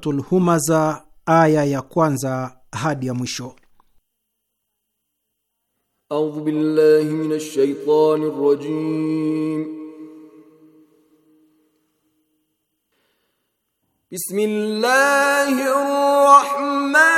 Suratul Humaza, aya ya kwanza hadi ya mwisho. Audhu billahi minash shaitani Bismillahir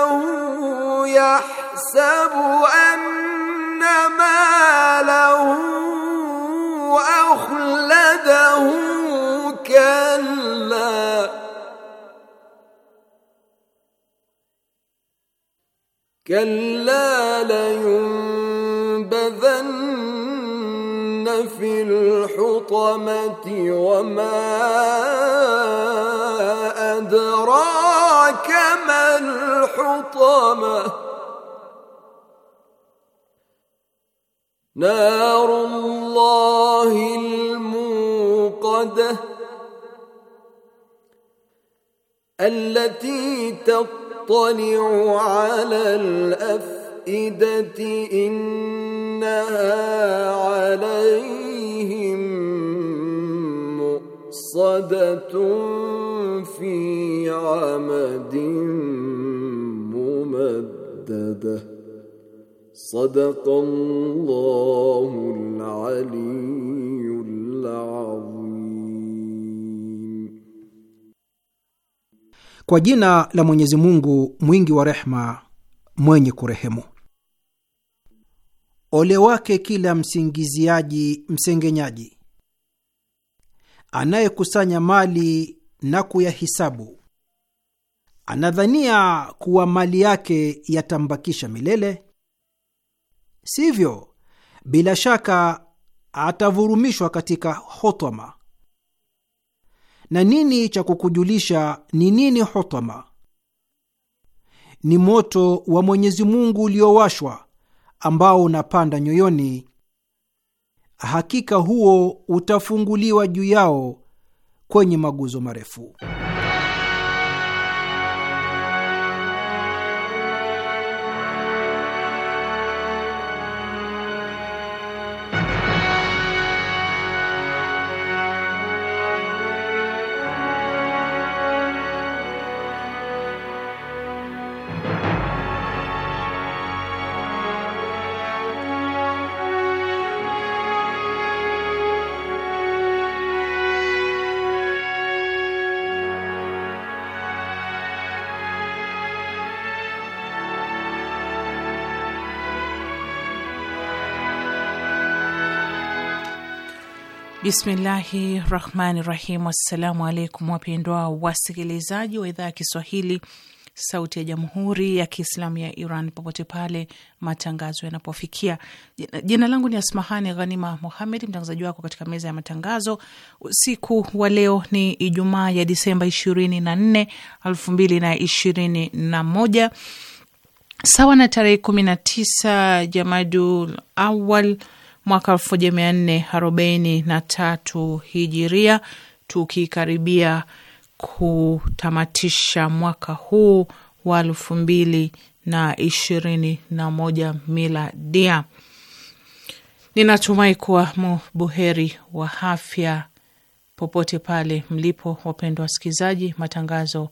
إنه يحسب أن ماله أخلده كلا كلا لينبذن في الحطمة وما الحطمة نار الله الموقدة التي تطلع على الأفئدة إنها عليهم مؤصدة في عمد مسدده صدق الله العلي العظيم Kwa jina la Mwenyezi Mungu mwingi wa rehma mwenye kurehemu. Ole wake kila msingiziaji msengenyaji, anayekusanya mali na kuyahisabu Anadhania kuwa mali yake yatambakisha milele? Sivyo, bila shaka atavurumishwa katika hotama. Na nini cha kukujulisha ni nini hotoma? Ni moto wa Mwenyezi Mungu uliowashwa ambao unapanda nyoyoni. Hakika huo utafunguliwa juu yao kwenye maguzo marefu. Bismillahi rahmani rahim. Assalamu alaikum wapendwa wasikilizaji wa idhaa ya Kiswahili sauti ya jamhuri ya Kiislamu ya Iran popote pale matangazo yanapofikia. Jina langu ni Asmahani Ghanima Muhamed, mtangazaji wako katika meza ya matangazo. Usiku wa leo ni Ijumaa ya Disemba ishirini na sawa na tarehe kumi na tisa Jamadul Awal mwaka elfu moja mia nne arobaini na tatu hijiria, tukikaribia kutamatisha mwaka huu wa elfu mbili na ishirini na moja miladia. Ninatumai kuwa mubuheri wa afya popote pale mlipo, wapendwa wasikilizaji, matangazo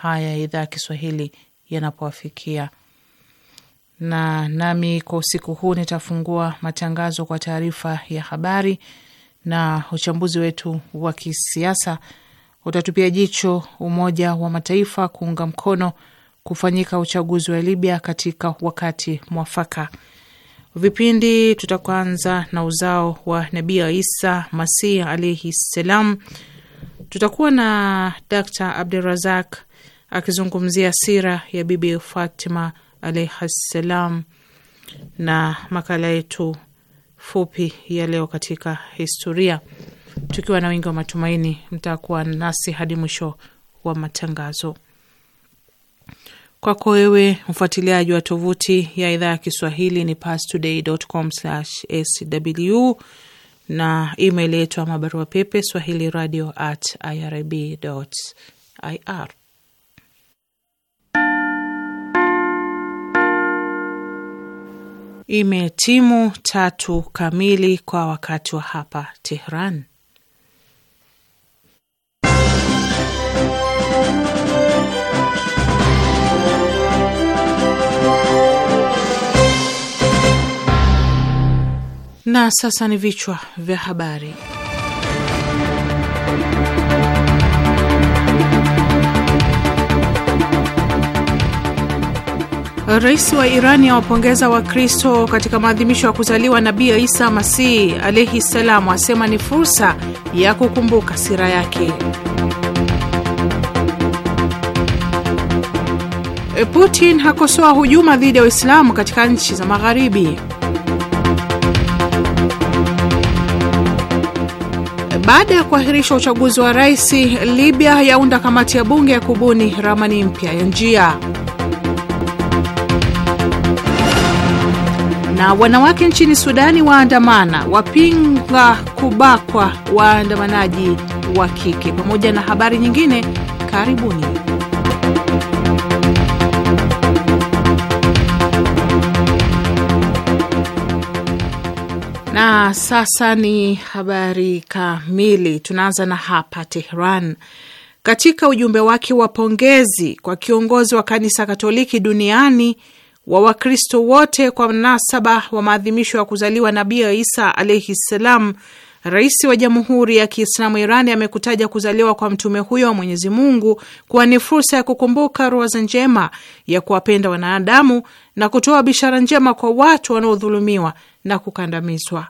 haya ya idhaa ya Kiswahili yanapowafikia na nami kwa usiku huu nitafungua matangazo kwa taarifa ya habari na uchambuzi wetu wa kisiasa utatupia jicho Umoja wa Mataifa kuunga mkono kufanyika uchaguzi wa Libya katika wakati mwafaka. Vipindi tutakwanza na uzao wa Nabii Isa Masih alaihi ssalam. Tutakuwa na Dr Abdurazak akizungumzia sira ya Bibi Fatima alaihi ssalam, na makala yetu fupi ya leo katika historia, tukiwa na wingi wa matumaini mtakuwa nasi hadi mwisho wa matangazo. Kwako wewe mfuatiliaji wa tovuti ya idhaa ya Kiswahili ni pastoday.com/sw na email yetu ama barua pepe swahili radio at irib.ir. imetimu tatu kamili kwa wakati wa hapa Tehran. Na sasa ni vichwa vya habari. Rais wa Irani awapongeza Wakristo katika maadhimisho ya kuzaliwa Nabii Isa Masihi alaihi ssalam, asema ni fursa ya kukumbuka sira yake. E, Putin hakosoa hujuma dhidi ya Waislamu katika nchi za Magharibi. E, baada ya kuahirisha uchaguzi wa rais, Libya yaunda kamati ya bunge ya kubuni ramani mpya ya njia. Na wanawake nchini Sudani waandamana wapinga kubakwa waandamanaji wa kike, pamoja na habari nyingine. Karibuni. Na sasa ni habari kamili. Tunaanza na hapa Tehran. Katika ujumbe wake wa pongezi kwa kiongozi wa kanisa Katoliki duniani wa Wakristo wote kwa mnasaba wa maadhimisho ya kuzaliwa Nabii Isa alaihi ssalam, Rais wa Jamhuri ya Kiislamu Irani amekutaja kuzaliwa kwa mtume huyo wa Mwenyezi Mungu kuwa ni fursa ya kukumbuka ruwaza njema ya kuwapenda wanadamu na kutoa bishara njema kwa watu wanaodhulumiwa na kukandamizwa.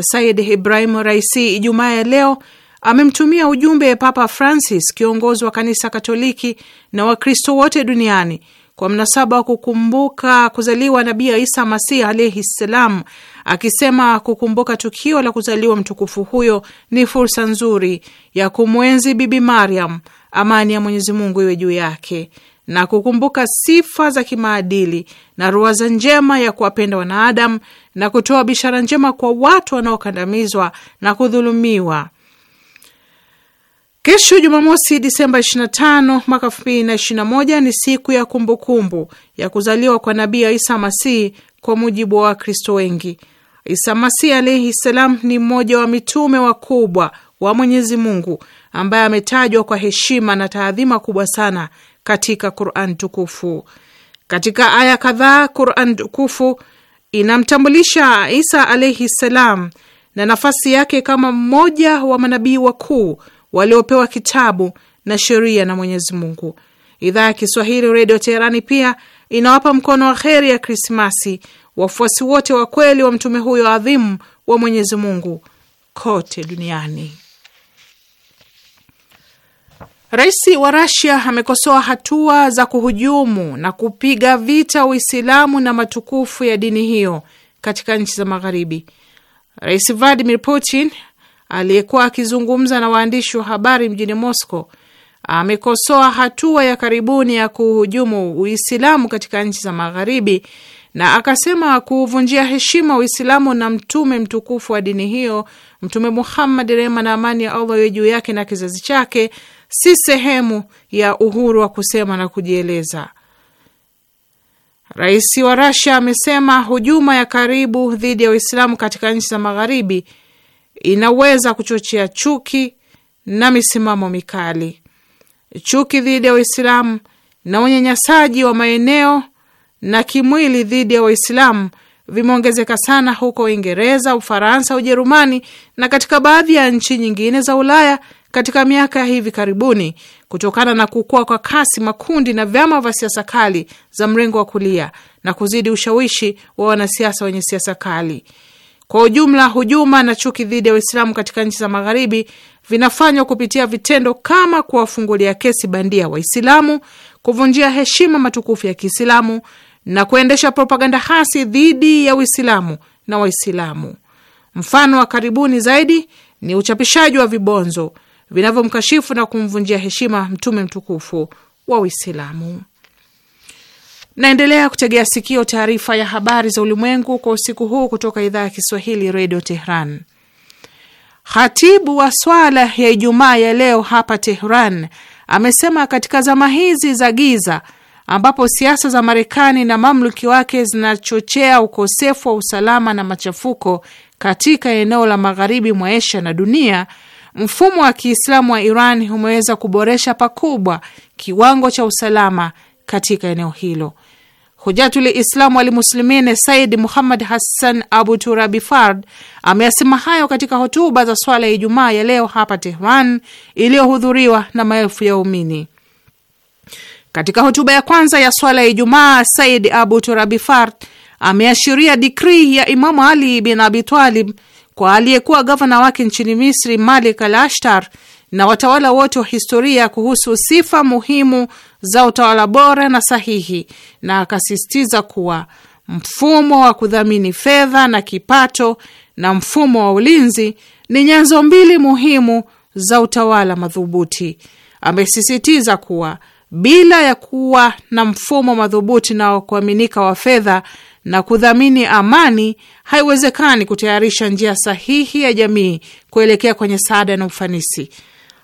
Said Ibrahim Raisi Ijumaa ya leo amemtumia ujumbe Papa Francis, kiongozi wa kanisa Katoliki na Wakristo wote duniani kwa mnasaba wa kukumbuka kuzaliwa Nabii Isa Masih alaihi ssalam, akisema kukumbuka tukio la kuzaliwa mtukufu huyo ni fursa nzuri ya kumwenzi Bibi Mariam, amani ya Mwenyezi Mungu iwe juu yake, na kukumbuka sifa za kimaadili na ruwaza njema ya kuwapenda wanaadamu na kutoa bishara njema kwa watu wanaokandamizwa na kudhulumiwa Kesho Jumamosi, Disemba 25 mwaka 2021 ni siku ya kumbukumbu kumbu ya kuzaliwa kwa Nabii Isa Masihi kwa mujibu wa Wakristo wengi. Isa Masihi alaihi ssalam ni mmoja wa mitume wakubwa wa Mwenyezi Mungu ambaye ametajwa kwa heshima na taadhima kubwa sana katika Quran tukufu. Katika aya kadhaa Quran tukufu inamtambulisha Isa alaihi ssalam na nafasi yake kama mmoja wa manabii wakuu waliopewa kitabu na sheria na Mwenyezi Mungu. Idhaa ya Kiswahili Redio Teherani pia inawapa mkono wa kheri ya Krismasi wafuasi wote wa kweli wa mtume huyo adhimu wa Mwenyezi Mungu kote duniani. Rais wa Rasia amekosoa hatua za kuhujumu na kupiga vita Uislamu na matukufu ya dini hiyo katika nchi za Magharibi. Rais Vladimir Putin aliyekuwa akizungumza na waandishi wa habari mjini Moscow amekosoa hatua ya karibuni ya kuhujumu Uislamu katika nchi za Magharibi na akasema kuuvunjia heshima Uislamu na mtume mtukufu wa dini hiyo, Mtume Muhammad, rehma na amani ya Allah iwe juu yake na kizazi chake, si sehemu ya uhuru wa kusema na kujieleza. Rais wa Rasia amesema hujuma ya karibu dhidi ya Uislamu katika nchi za Magharibi inaweza kuchochea chuki na misimamo mikali. Chuki dhidi ya Waislamu na unyanyasaji wa maeneo na kimwili dhidi ya Waislamu vimeongezeka sana huko Uingereza, Ufaransa, Ujerumani na katika baadhi ya nchi nyingine za Ulaya katika miaka ya hivi karibuni kutokana na kukua kwa kasi makundi na vyama vya siasa kali za mrengo wa kulia na kuzidi ushawishi wa wanasiasa wenye siasa kali. Kwa ujumla, hujuma na chuki dhidi ya Waislamu katika nchi za Magharibi vinafanywa kupitia vitendo kama kuwafungulia kesi bandia Waislamu, kuvunjia heshima matukufu ya Kiislamu na kuendesha propaganda hasi dhidi ya Uislamu na Waislamu. Mfano wa karibuni zaidi ni uchapishaji wa vibonzo vinavyomkashifu na kumvunjia heshima mtume mtukufu wa Uislamu naendelea kutegea sikio taarifa ya habari za ulimwengu kwa usiku huu kutoka idhaa ya Kiswahili redio Tehran. Khatibu wa swala ya Ijumaa ya leo hapa Tehran amesema katika zama hizi za giza ambapo siasa za Marekani na mamluki wake zinachochea ukosefu wa usalama na machafuko katika eneo la magharibi mwa Asia na dunia, mfumo wa Kiislamu wa Iran umeweza kuboresha pakubwa kiwango cha usalama katika eneo hilo. Hujatul Islamu Walmuslimini Said Muhammad Hassan Abu Turabi Fard ameyasema hayo katika hotuba za swala ya Ijumaa ya leo hapa Tehran iliyohudhuriwa na maelfu ya umini. Katika hotuba ya kwanza ya swala ya Ijumaa, Said Abu Turabi Fard ameashiria dikrii ya Imamu Ali bin Abi Talib kwa aliyekuwa gavana wake nchini Misri Malik al Ashtar na watawala wote wa historia kuhusu sifa muhimu za utawala bora na sahihi, na akasisitiza kuwa mfumo wa kudhamini fedha na kipato na mfumo wa ulinzi ni nyenzo mbili muhimu za utawala madhubuti. Amesisitiza kuwa bila ya kuwa na mfumo madhubuti na wa kuaminika wa fedha na kudhamini amani, haiwezekani kutayarisha njia sahihi ya jamii kuelekea kwenye saada na ufanisi.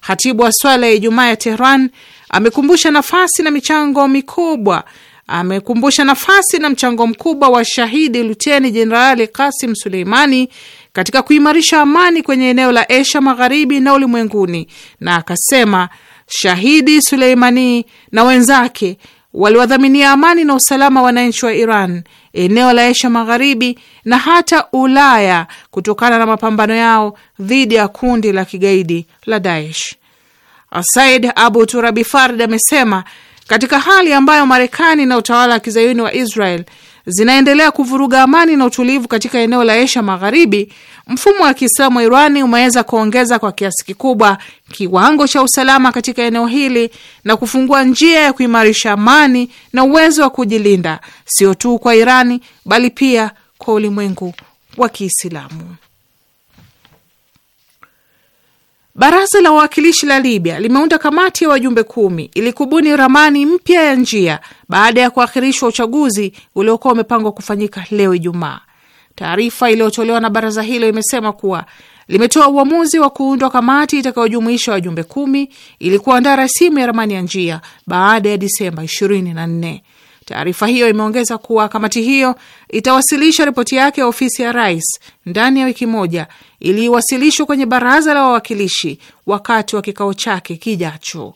Hatibu wa swala ya Ijumaa ya Tehran amekumbusha nafasi na michango mikubwa amekumbusha nafasi na mchango mkubwa wa shahidi luteni jenerali Kasim Suleimani katika kuimarisha amani kwenye eneo la Asia Magharibi na ulimwenguni, na akasema shahidi Suleimani na wenzake waliwadhaminia amani na usalama wananchi wa Iran, eneo la Asia Magharibi na hata Ulaya kutokana na mapambano yao dhidi ya kundi la kigaidi la Daesh. Said Abu Turabi Fard amesema katika hali ambayo Marekani na utawala wa kizayuni wa Israel zinaendelea kuvuruga amani na utulivu katika eneo la Asia Magharibi, mfumo wa Kiislamu wa Irani umeweza kuongeza kwa kiasi kikubwa kiwango cha usalama katika eneo hili na kufungua njia ya kuimarisha amani na uwezo wa kujilinda sio tu kwa Irani bali pia kwa ulimwengu wa Kiislamu. Baraza la Wawakilishi la Libya limeunda kamati ya wajumbe kumi ili kubuni ramani mpya ya njia baada ya kuahirishwa uchaguzi uliokuwa umepangwa kufanyika leo Ijumaa. Taarifa iliyotolewa na baraza hilo imesema kuwa limetoa uamuzi wa kuundwa kamati itakayojumuisha wajumbe kumi ili kuandaa rasimu ya ramani ya njia baada ya Disemba 24. Taarifa hiyo imeongeza kuwa kamati hiyo itawasilisha ripoti yake ya ofisi ya rais ndani ya wiki moja ili iwasilishwe kwenye baraza la wawakilishi wakati wa kikao chake kijacho.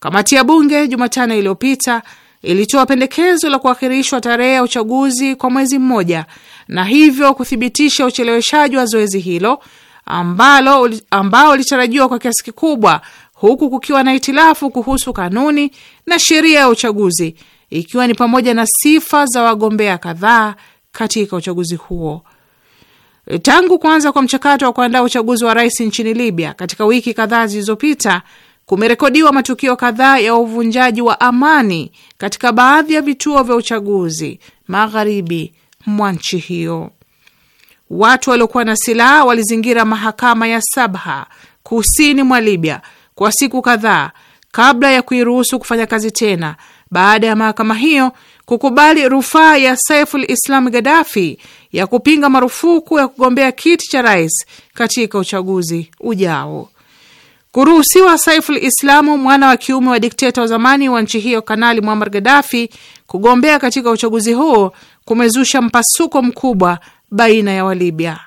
Kamati ya bunge Jumatano iliyopita ilitoa pendekezo la kuahirishwa tarehe ya uchaguzi kwa mwezi mmoja na hivyo kuthibitisha ucheleweshaji wa zoezi hilo ambalo ambao ulitarajiwa kwa kiasi kikubwa, huku kukiwa na itilafu kuhusu kanuni na sheria ya uchaguzi ikiwa ni pamoja na sifa za wagombea kadhaa katika uchaguzi huo. Tangu kuanza kwa mchakato wa kuandaa uchaguzi wa rais nchini Libya katika wiki kadhaa zilizopita, kumerekodiwa matukio kadhaa ya uvunjaji wa amani katika baadhi ya vituo vya uchaguzi magharibi mwa nchi hiyo. Watu waliokuwa na silaha walizingira mahakama ya Sabha kusini mwa Libya kwa siku kadhaa kabla ya kuiruhusu kufanya kazi tena baada ya mahakama hiyo kukubali rufaa ya Saiful Islam Gaddafi ya kupinga marufuku ya kugombea kiti cha rais katika uchaguzi ujao. Kuruhusiwa Saiful Islamu, mwana wa kiume wa dikteta wa zamani wa nchi hiyo Kanali Muammar Gaddafi, kugombea katika uchaguzi huo kumezusha mpasuko mkubwa baina ya Walibya.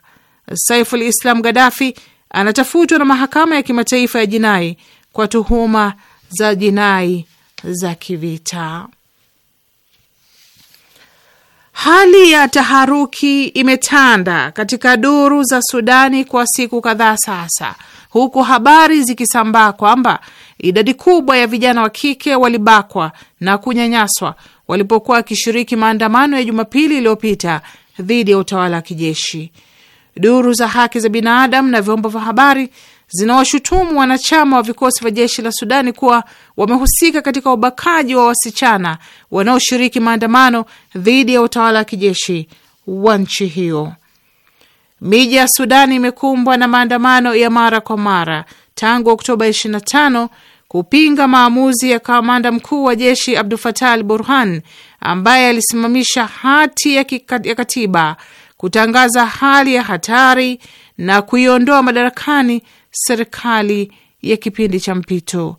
Saiful Islam Gaddafi anatafutwa na mahakama ya kimataifa ya jinai kwa tuhuma za jinai za kivita. Hali ya taharuki imetanda katika duru za Sudani kwa siku kadhaa sasa, huku habari zikisambaa kwamba idadi kubwa ya vijana wa kike walibakwa na kunyanyaswa walipokuwa wakishiriki maandamano ya Jumapili iliyopita dhidi ya utawala wa kijeshi. Duru za haki za binadamu na vyombo vya habari zinawashutumu wanachama wa vikosi vya jeshi la Sudani kuwa wamehusika katika ubakaji wa wasichana wanaoshiriki maandamano dhidi ya utawala wa kijeshi wa nchi hiyo. Miji ya Sudani imekumbwa na maandamano ya mara kwa mara tangu Oktoba 25 kupinga maamuzi ya kamanda mkuu wa jeshi Abdul Fatah al Burhan ambaye alisimamisha hati ya katiba, kutangaza hali ya hatari na kuiondoa madarakani serikali ya kipindi cha mpito.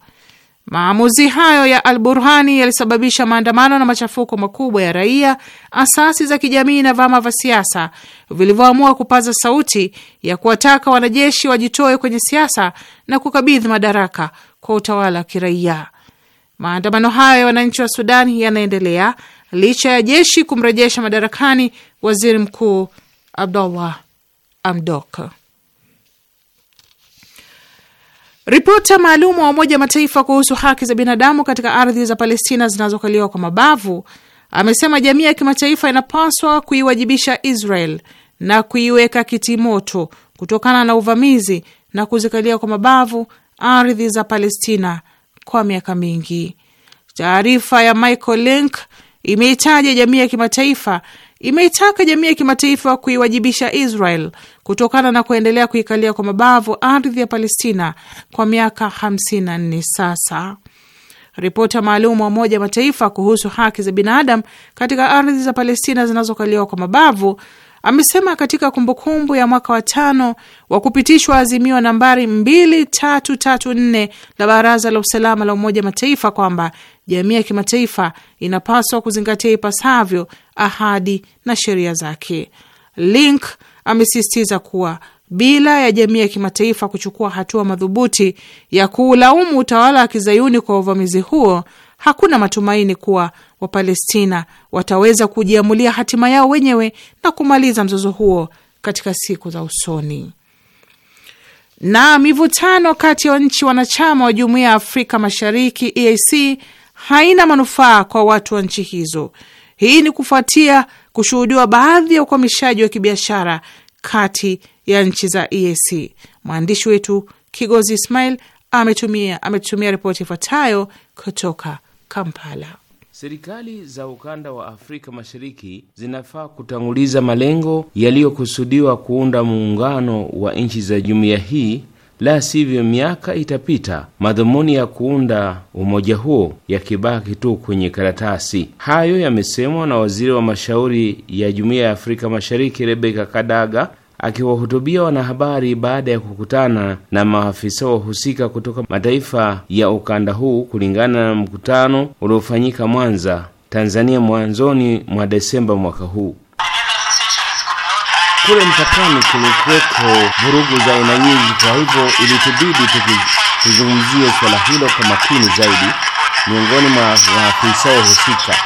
Maamuzi hayo ya Al Burhani yalisababisha maandamano na machafuko makubwa ya raia, asasi za kijamii na vyama vya siasa vilivyoamua kupaza sauti ya kuwataka wanajeshi wajitoe kwenye siasa na kukabidhi madaraka kwa utawala wa kiraia. Maandamano hayo ya wananchi wa Sudani yanaendelea licha ya jeshi kumrejesha madarakani waziri mkuu Abdullah Amdok. Ripota maalum wa Umoja wa Mataifa kuhusu haki za binadamu katika ardhi za Palestina zinazokaliwa kwa mabavu amesema jamii ya kimataifa inapaswa kuiwajibisha Israel na kuiweka kitimoto kutokana na uvamizi na kuzikalia kwa mabavu ardhi za Palestina kwa miaka mingi. Taarifa ya Michael Link imeitaja jamii ya kimataifa imeitaka jamii ya kimataifa kuiwajibisha Israel kutokana na kuendelea kuikalia kwa mabavu ardhi ya Palestina kwa miaka 54 sasa. Ripota maalum wa Umoja wa Mataifa kuhusu haki za binadamu katika ardhi za Palestina zinazokaliwa kwa mabavu amesema katika kumbukumbu ya mwaka wa tano wa kupitishwa azimio nambari 2334 la Baraza la Usalama la Umoja wa Mataifa kwamba jamii ya kimataifa inapaswa kuzingatia ipasavyo ahadi na sheria zake. Link amesisitiza kuwa bila ya jamii ya kimataifa kuchukua hatua madhubuti ya kuulaumu utawala wa kizayuni kwa uvamizi huo, hakuna matumaini kuwa Wapalestina wataweza kujiamulia hatima yao wenyewe na kumaliza mzozo huo katika siku za usoni. Na mivutano kati ya nchi wanachama wa Jumuiya ya Afrika Mashariki EAC haina manufaa kwa watu wa nchi hizo. Hii ni kufuatia kushuhudiwa baadhi ya ukwamishaji wa kibiashara kati ya nchi za EAC. Mwandishi wetu Kigozi Ismail ametumia ametutumia ripoti ifuatayo kutoka Kampala. Serikali za ukanda wa Afrika Mashariki zinafaa kutanguliza malengo yaliyokusudiwa kuunda muungano wa nchi za jumuiya hii la sivyo miaka itapita, madhumuni ya kuunda umoja huo yakibaki tu kwenye karatasi. Hayo yamesemwa na waziri wa mashauri ya Jumuiya ya Afrika Mashariki Rebeka Kadaga akiwahutubia wanahabari baada ya kukutana na maafisa wahusika kutoka mataifa ya ukanda huu, kulingana na mkutano uliofanyika Mwanza, Tanzania, mwanzoni mwa Desemba mwaka huu kule mpakani kulikuweko vurugu za aina nyingi, kwa hivyo ilitubidi tuzungumzie swala hilo kwa makini zaidi miongoni mwa maafisa husika.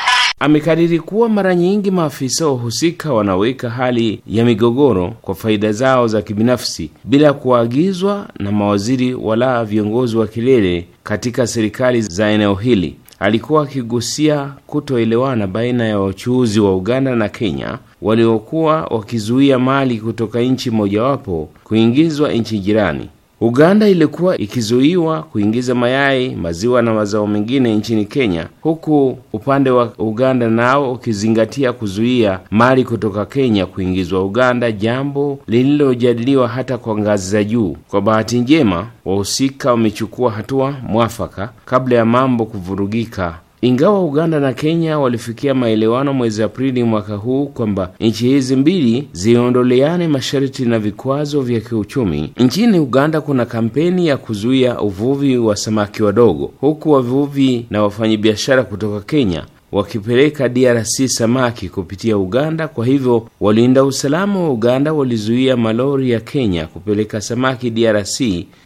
Amekariri kuwa mara nyingi maafisa husika wanaweka hali ya migogoro kwa faida zao za kibinafsi bila kuagizwa na mawaziri wala viongozi wa kilele katika serikali za eneo hili alikuwa akigusia kutoelewana baina ya wachuuzi wa Uganda na Kenya waliokuwa wakizuia mali kutoka nchi mojawapo kuingizwa nchi jirani Uganda ilikuwa ikizuiwa kuingiza mayai, maziwa na mazao mengine nchini Kenya, huku upande wa Uganda nao ukizingatia kuzuia mali kutoka Kenya kuingizwa Uganda, jambo lililojadiliwa hata kwa ngazi za juu. Kwa bahati njema, wahusika wamechukua hatua mwafaka kabla ya mambo kuvurugika ingawa Uganda na Kenya walifikia maelewano mwezi Aprili mwaka huu kwamba nchi hizi mbili ziondoleane masharti na vikwazo vya kiuchumi, nchini Uganda kuna kampeni ya kuzuia uvuvi wa samaki wadogo, huku wavuvi na wafanyabiashara kutoka Kenya wakipeleka DRC samaki kupitia Uganda. Kwa hivyo walinda usalama wa Uganda walizuia malori ya Kenya kupeleka samaki DRC,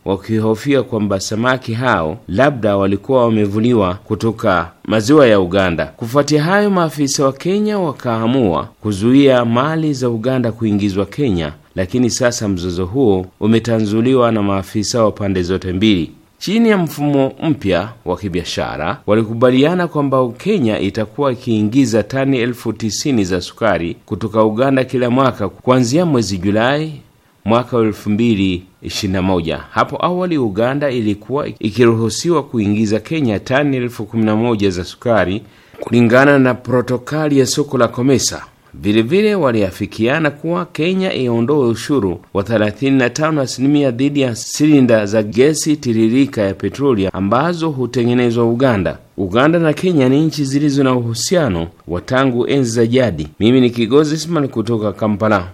wakihofia kwamba samaki hao labda walikuwa wamevuliwa kutoka maziwa ya Uganda. Kufuatia hayo, maafisa wa Kenya wakaamua kuzuia mali za Uganda kuingizwa Kenya, lakini sasa mzozo huo umetanzuliwa na maafisa wa pande zote mbili. Chini ya mfumo mpya wa kibiashara, walikubaliana kwamba Kenya itakuwa ikiingiza tani elfu tisini za sukari kutoka Uganda kila mwaka kuanzia mwezi Julai mwaka wa elfu mbili ishirini na moja. Hapo awali Uganda ilikuwa ikiruhusiwa kuingiza Kenya tani elfu kumi na moja za sukari kulingana na protokali ya soko la Komesa. Vilevile waliafikiana kuwa Kenya iondoe ushuru wa 35 asilimia dhidi ya silinda za gesi tiririka ya petroli ambazo hutengenezwa Uganda. Uganda na Kenya ni nchi zilizo na uhusiano wa tangu enzi za jadi. Mimi ni Kigozi Isman kutoka Kampala.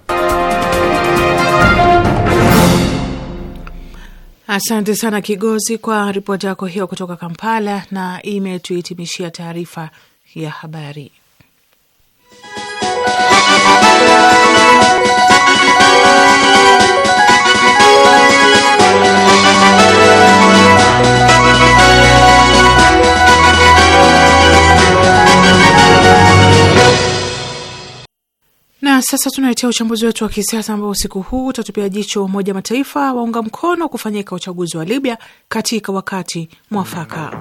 Asante sana Kigozi kwa ripoti yako hiyo kutoka Kampala, na imetuhitimishia taarifa ya habari. Sasa tunaletea uchambuzi wetu wa kisiasa ambao usiku huu utatupia jicho Umoja wa Mataifa waunga mkono kufanyika uchaguzi wa Libya katika wakati mwafaka.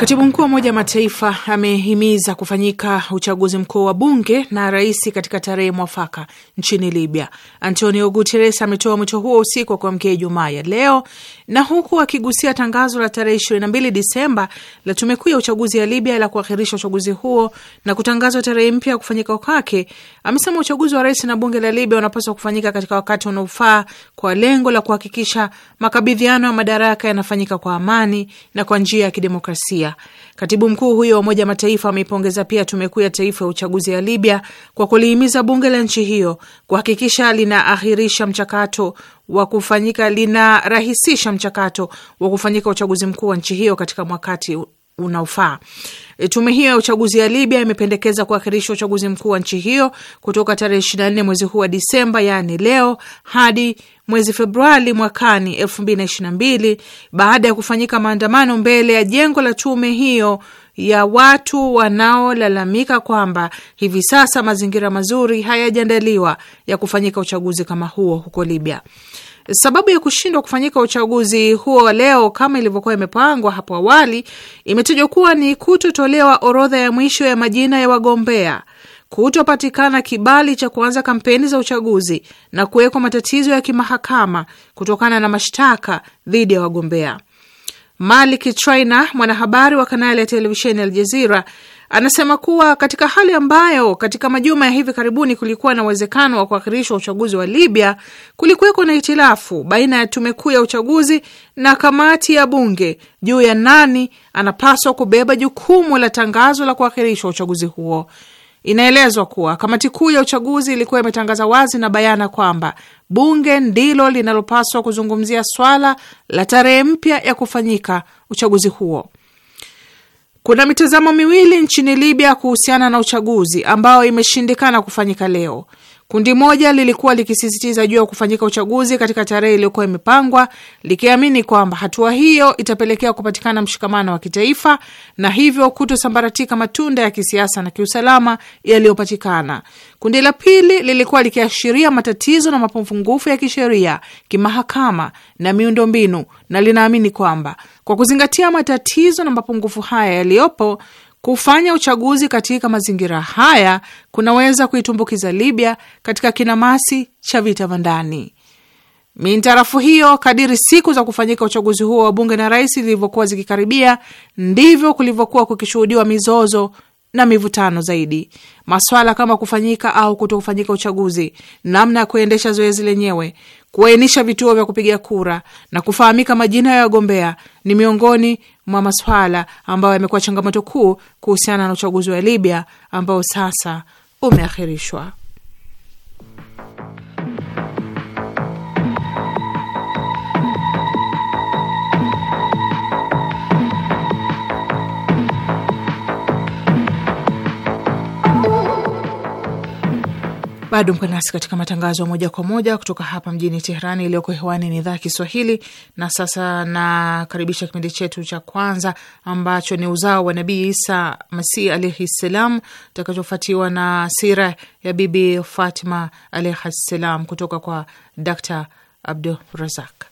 Katibu mkuu wa Umoja wa Mataifa amehimiza kufanyika uchaguzi mkuu wa bunge na rais katika tarehe mwafaka nchini Libya. Antonio Guterres ametoa mwito huo usiku wa kuamkia Ijumaa ya leo, na huku akigusia tangazo la tarehe mbili Disemba la tume kuu ya uchaguzi ya Libya la kuakhirisha uchaguzi huo na kutangazwa tarehe mpya ya kufanyika kwake, amesema uchaguzi wa rais na bunge la Libya unapaswa kufanyika katika wakati unaofaa kwa lengo la kuhakikisha makabidhiano ya madaraka yanafanyika kwa amani na kwa njia ya kidemokrasia. Katibu mkuu huyo wa Umoja Mataifa ameipongeza pia Tume Kuu ya Taifa ya Uchaguzi ya Libya kwa kulihimiza bunge la nchi hiyo kuhakikisha linaahirisha mchakato wa kufanyika linarahisisha mchakato wa kufanyika uchaguzi mkuu wa nchi hiyo katika mwakati unaofaa. E, tume hiyo ya uchaguzi ya Libya imependekeza kuakhirisha uchaguzi mkuu wa nchi hiyo kutoka tarehe nne mwezi huu wa Disemba, yaani leo, hadi mwezi Februari mwakani mbili baada ya kufanyika maandamano mbele ya jengo la tume hiyo ya watu wanaolalamika kwamba hivi sasa mazingira mazuri hayajaandaliwa ya kufanyika uchaguzi kama huo huko Libya. Sababu ya kushindwa kufanyika uchaguzi huo leo kama ilivyokuwa imepangwa hapo awali imetajwa kuwa ni kutotolewa orodha ya mwisho ya majina ya wagombea, kutopatikana kibali cha kuanza kampeni za uchaguzi na kuwekwa matatizo ya kimahakama kutokana na mashtaka dhidi ya wagombea. Malik Trainer, mwanahabari wa kanali ya televisheni Al Jazeera, Anasema kuwa katika hali ambayo katika majuma ya hivi karibuni kulikuwa na uwezekano wa kuahirishwa uchaguzi wa Libya, kulikuweko na hitirafu baina ya tume kuu ya uchaguzi na kamati ya bunge juu ya nani anapaswa kubeba jukumu la tangazo la kuahirishwa uchaguzi huo. Inaelezwa kuwa kamati kuu ya uchaguzi ilikuwa imetangaza wazi na bayana kwamba bunge ndilo linalopaswa kuzungumzia swala la tarehe mpya ya kufanyika uchaguzi huo. Kuna mitazamo miwili nchini Libya kuhusiana na uchaguzi ambao imeshindikana kufanyika leo. Kundi moja lilikuwa likisisitiza juu ya kufanyika uchaguzi katika tarehe iliyokuwa imepangwa likiamini kwamba hatua hiyo itapelekea kupatikana mshikamano wa kitaifa na hivyo kutosambaratika matunda ya kisiasa na kiusalama yaliyopatikana. Kundi la pili lilikuwa likiashiria matatizo na mapungufu ya kisheria, kimahakama na miundombinu, na linaamini kwamba kwa kuzingatia matatizo na mapungufu haya yaliyopo Kufanya uchaguzi katika mazingira haya kunaweza kuitumbukiza Libya katika kinamasi cha vita vya ndani. Mintarafu hiyo, kadiri siku za kufanyika uchaguzi huo wa bunge na rais zilivyokuwa zikikaribia, ndivyo kulivyokuwa kukishuhudiwa mizozo na mivutano zaidi. Maswala kama kufanyika au kutokufanyika uchaguzi, namna ya kuendesha zoezi lenyewe, kuainisha vituo vya kupiga kura na kufahamika majina ya wagombea ni miongoni mwa masuala ambayo yamekuwa changamoto kuu kuhusiana na uchaguzi wa Libya ambao sasa umeahirishwa. Bado mko nasi katika matangazo moja kwa moja kutoka hapa mjini Teherani. Iliyoko hewani ni idhaa ya Kiswahili, na sasa nakaribisha kipindi chetu cha kwanza ambacho ni uzao wa Nabii Isa Masih alaihi ssalam, takachofuatiwa na sira ya Bibi Fatima alaihi ssalam kutoka kwa Dr Abdurazak.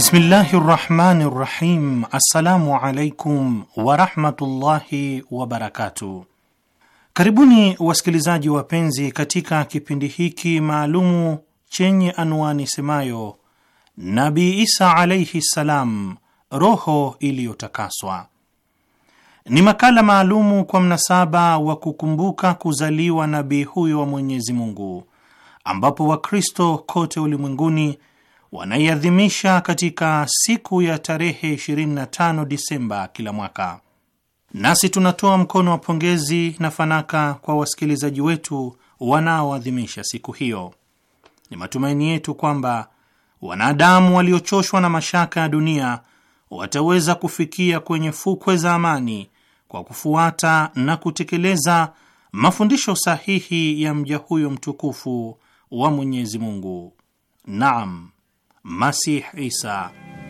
Bismillahi rahmani rahim. Assalamu alaikum warahmatullahi wabarakatuh. Karibuni wasikilizaji wapenzi katika kipindi hiki maalumu chenye anwani semayo Nabi Isa alaihi ssalam, roho iliyotakaswa. Ni makala maalumu kwa mnasaba wa kukumbuka kuzaliwa nabii huyo wa Mwenyezi Mungu, ambapo Wakristo kote ulimwenguni wanaiadhimisha katika siku ya tarehe 25 Disemba kila mwaka. Nasi tunatoa mkono wa pongezi na fanaka kwa wasikilizaji wetu wanaoadhimisha siku hiyo. Ni matumaini yetu kwamba wanadamu waliochoshwa na mashaka ya dunia wataweza kufikia kwenye fukwe za amani kwa kufuata na kutekeleza mafundisho sahihi ya mja huyo mtukufu wa Mwenyezi Mungu. Naam. مسيح عيسى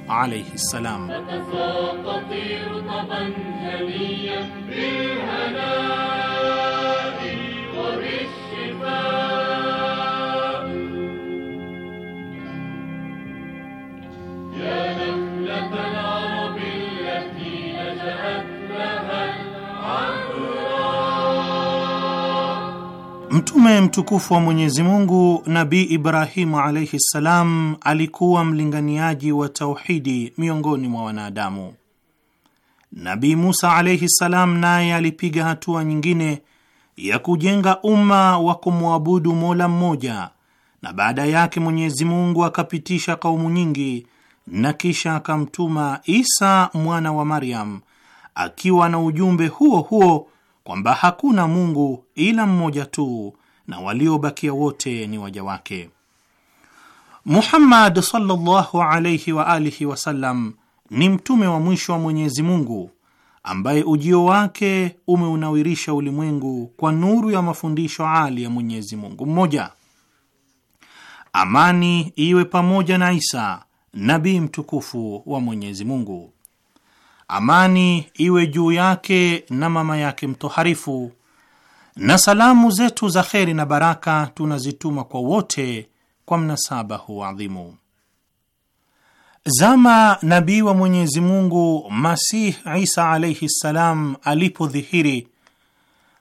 عليه السلام فتفاق طير طبا هنيا بالهنا Mtume mtukufu wa Mwenyezi Mungu Nabii Ibrahimu alaihi ssalam alikuwa mlinganiaji wa tauhidi miongoni mwa wanadamu. Nabii Musa alaihi ssalam naye alipiga hatua nyingine ya kujenga umma wa kumwabudu Mola mmoja, na baada yake Mwenyezi Mungu akapitisha kaumu nyingi na kisha akamtuma Isa mwana wa Maryam akiwa na ujumbe huo huo kwamba hakuna Mungu ila mmoja tu na waliobakia wote ni waja wake. Muhammad sallallahu alayhi wa alihi wasallam ni mtume wa mwisho wa Mwenyezi Mungu ambaye ujio wake umeunawirisha ulimwengu kwa nuru ya mafundisho ali ya Mwenyezi Mungu mmoja. Amani iwe pamoja na Isa nabii mtukufu wa Mwenyezi Mungu, amani iwe juu yake na mama yake mtoharifu na salamu zetu za kheri na baraka tunazituma kwa wote kwa mnasaba huu adhimu. Zama nabii wa Mwenyezi Mungu Masih Isa alaihi ssalam alipodhihiri,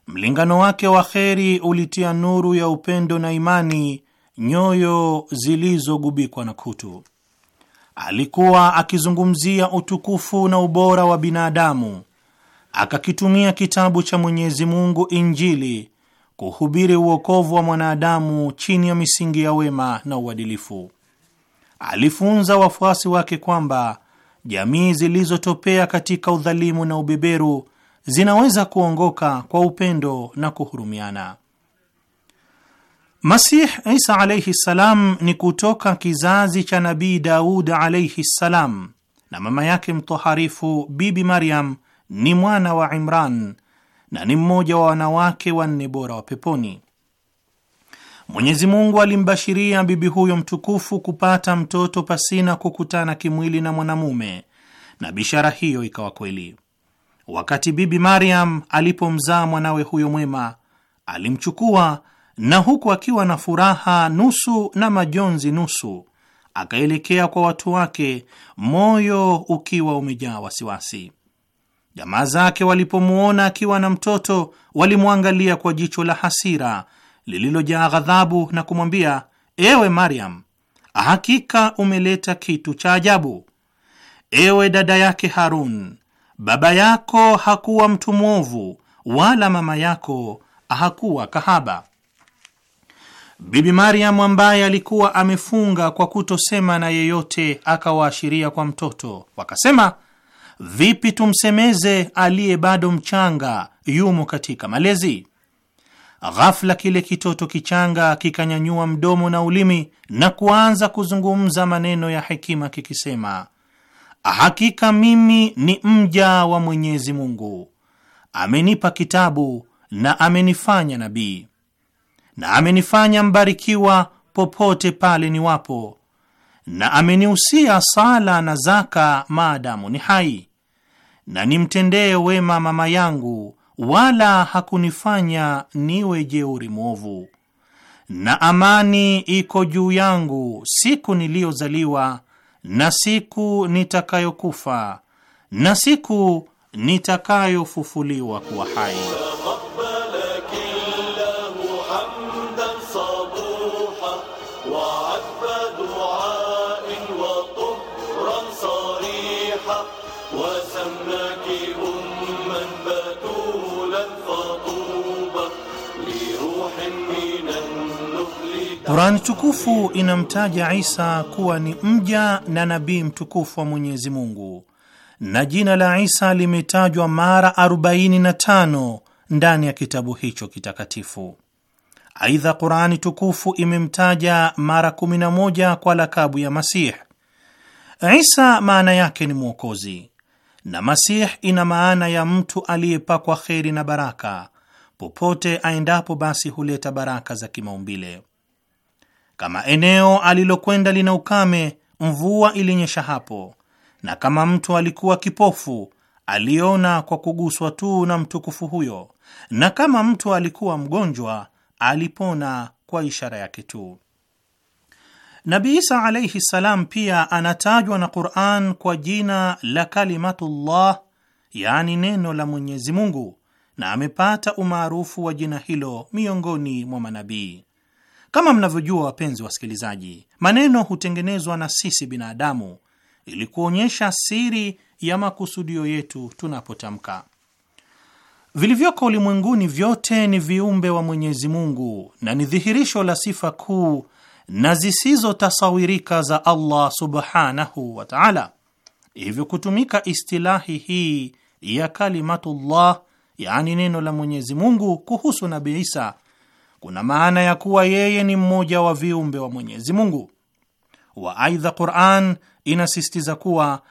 mlingano wake wa kheri ulitia nuru ya upendo na imani nyoyo zilizogubikwa na kutu. Alikuwa akizungumzia utukufu na ubora wa binadamu akakitumia kitabu cha Mwenyezi Mungu, Injili, kuhubiri uokovu wa mwanadamu chini ya misingi ya wema na uadilifu. Alifunza wafuasi wake kwamba jamii zilizotopea katika udhalimu na ubeberu zinaweza kuongoka kwa upendo na kuhurumiana. Masih Isa alaihi ssalam ni kutoka kizazi cha Nabii Daud alaihi ssalam, na mama yake mtoharifu Bibi Maryam ni mwana wa Imran na ni mmoja wa wanawake wanne bora wa peponi. Mwenyezi Mungu alimbashiria bibi huyo mtukufu kupata mtoto pasina kukutana kimwili na mwanamume, na bishara hiyo ikawa kweli. Wakati bibi mariam alipomzaa mwanawe huyo mwema, alimchukua na huku akiwa na furaha nusu na majonzi nusu, akaelekea kwa watu wake, moyo ukiwa umejaa wasiwasi. Jamaa zake walipomwona akiwa na mtoto walimwangalia kwa jicho la hasira lililojaa ghadhabu na kumwambia, ewe Maryam, hakika umeleta kitu cha ajabu. Ewe dada yake Harun, baba yako hakuwa mtu mwovu wala mama yako hakuwa kahaba. Bibi Maryam ambaye alikuwa amefunga kwa kutosema na yeyote, akawaashiria kwa mtoto, wakasema Vipi tumsemeze aliye bado mchanga, yumo katika malezi? Ghafla kile kitoto kichanga kikanyanyua mdomo na ulimi na kuanza kuzungumza maneno ya hekima kikisema, hakika mimi ni mja wa Mwenyezi Mungu, amenipa kitabu na amenifanya nabii na amenifanya mbarikiwa popote pale niwapo, na ameniusia sala na zaka maadamu ni hai, na nimtendee wema mama yangu, wala hakunifanya niwe jeuri mwovu. Na amani iko juu yangu siku niliyozaliwa na siku nitakayokufa na siku nitakayofufuliwa kuwa hai. Quran tukufu inamtaja Isa kuwa ni mja na nabii mtukufu wa Mwenyezi Mungu, na jina la Isa limetajwa mara 45 ndani ya kitabu hicho kitakatifu. Aidha, Qurani tukufu imemtaja mara 11 kwa lakabu ya Masih. Isa maana yake ni mwokozi, na Masih ina maana ya mtu aliyepakwa kheri na baraka, popote aendapo basi huleta baraka za kimaumbile. Kama eneo alilokwenda lina ukame, mvua ilinyesha hapo, na kama mtu alikuwa kipofu, aliona kwa kuguswa tu na mtukufu huyo, na kama mtu alikuwa mgonjwa, alipona kwa ishara yake tu. Nabi Isa alaihi ssalam pia anatajwa na Quran kwa jina la Kalimatullah, yaani neno la Mwenyezi Mungu, na amepata umaarufu wa jina hilo miongoni mwa manabii. Kama mnavyojua, wapenzi wasikilizaji, maneno hutengenezwa na sisi binadamu ili kuonyesha siri ya makusudio yetu tunapotamka. Vilivyoko ulimwenguni vyote ni viumbe wa Mwenyezi Mungu na ni dhihirisho la sifa kuu na zisizotasawirika za Allah subhanahu wa ta'ala. Hivyo kutumika istilahi hii ya kalimatullah, yaani neno la Mwenyezi Mungu kuhusu Nabii Isa kuna maana ya kuwa yeye ni mmoja wa viumbe wa Mwenyezi Mungu. wa Aidha, Quran inasisitiza kuwa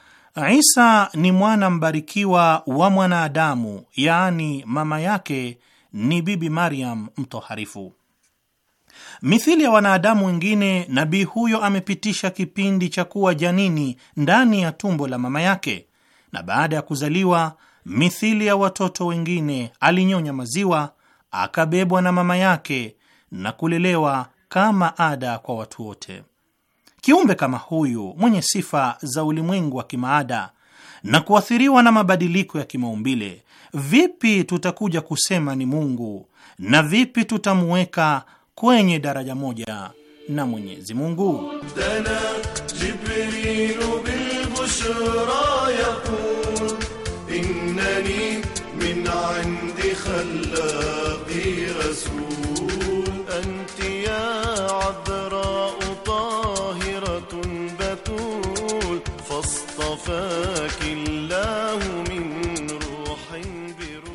Isa ni mwana mbarikiwa wa mwanadamu, yaani mama yake ni Bibi Maryam mtoharifu. Mithili ya wanadamu wengine, nabii huyo amepitisha kipindi cha kuwa janini ndani ya tumbo la mama yake, na baada ya kuzaliwa, mithili ya watoto wengine, alinyonya maziwa akabebwa na mama yake na kulelewa kama ada kwa watu wote. Kiumbe kama huyu mwenye sifa za ulimwengu wa kimaada na kuathiriwa na mabadiliko ya kimaumbile, vipi tutakuja kusema ni Mungu na vipi tutamuweka kwenye daraja moja na Mwenyezi Mungu?